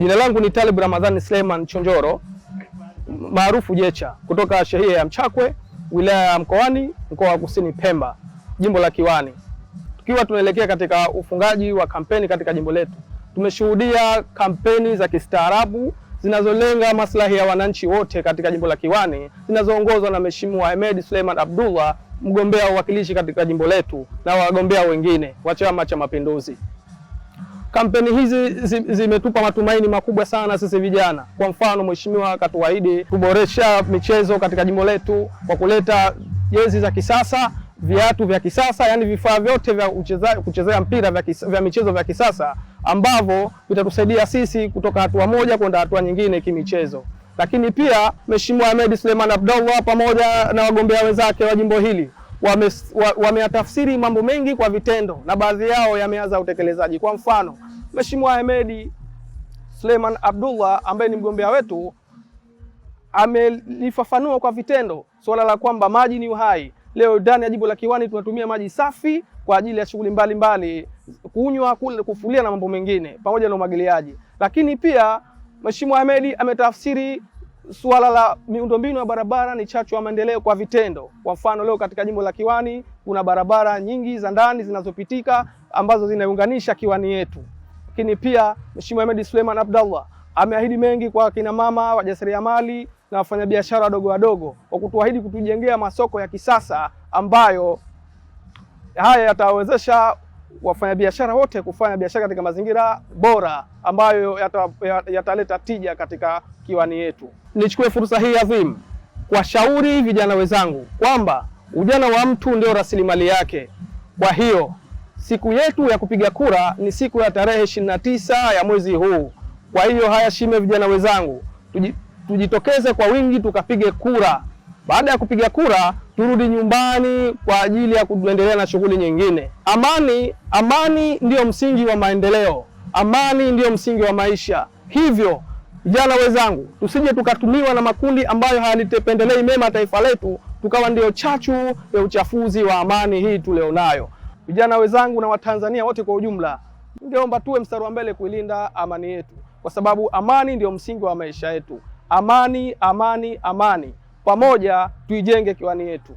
Jina langu ni Talib Ramadhani Suleiman Chonjoro maarufu Jecha kutoka shehia ya Mchakwe wilaya ya Mkoani mkoa wa Kusini Pemba jimbo la Kiwani. Tukiwa tunaelekea katika ufungaji wa kampeni katika jimbo letu, tumeshuhudia kampeni za kistaarabu zinazolenga maslahi ya wananchi wote katika jimbo la Kiwani zinazoongozwa na Mheshimiwa Ahmed Suleiman Abdullah, mgombea uwakilishi katika jimbo letu na wagombea wengine wa Chama cha Mapinduzi. Kampeni hizi zimetupa matumaini makubwa sana sisi vijana. Kwa mfano, mheshimiwa katuahidi kuboresha michezo katika jimbo letu kwa kuleta jezi za kisasa, viatu vya kisasa, yani vifaa vyote vya kuchezea mpira vya, kisa, vya michezo vya kisasa ambavyo vitatusaidia sisi kutoka hatua moja kwenda hatua nyingine kimichezo. Lakini pia Mheshimiwa Ahmed Suleiman Abdallah pamoja na wagombea wenzake wa jimbo hili wameyatafsiri mambo mengi kwa vitendo na baadhi yao yameanza utekelezaji. Kwa mfano, Mheshimiwa Hemedi Suleiman Abdullah ambaye ni mgombea wetu amelifafanua kwa vitendo suala la kwamba maji ni uhai. Leo ndani ya jimbo la Kiwani tunatumia maji safi kwa ajili ya shughuli mbalimbali, kunywa, kule kufulia na mambo mengine pamoja na umwagiliaji. Lakini pia Mheshimiwa Ahmedi ametafsiri Suala la miundombinu ya barabara ni chachu ya maendeleo kwa vitendo. Kwa mfano, leo katika jimbo la Kiwani kuna barabara nyingi za ndani zinazopitika ambazo zinaunganisha Kiwani yetu. Lakini pia Mheshimiwa Hemed Suleiman Abdallah ameahidi mengi kwa kina mama, wajasiriamali na wafanyabiashara wadogo wadogo kwa kutuahidi kutujengea masoko ya kisasa ambayo haya yatawezesha wafanyabiashara wote kufanya biashara katika mazingira bora ambayo yataleta yata tija katika kiwani yetu. Nichukue fursa hii adhimu shauri vijana wenzangu kwamba ujana wa mtu ndio rasilimali yake. Kwa hiyo siku yetu ya kupiga kura ni siku ya tarehe 29 ya mwezi huu. Kwa hiyo haya shime, vijana wenzangu, tujitokeze kwa wingi tukapige kura. Baada ya kupiga kura, turudi nyumbani kwa ajili ya kuendelea na shughuli nyingine. Amani, amani ndiyo msingi wa maendeleo, amani ndiyo msingi wa maisha. Hivyo vijana wenzangu, tusije tukatumiwa na makundi ambayo halitependelei mema taifa letu, tukawa ndiyo chachu ya uchafuzi wa amani hii tulionayo. Vijana wenzangu na Watanzania wote kwa ujumla, ningeomba tuwe mstari wa mbele kuilinda amani yetu, kwa sababu amani ndiyo msingi wa maisha yetu. Amani, amani, amani pamoja tuijenge Kiwani yetu.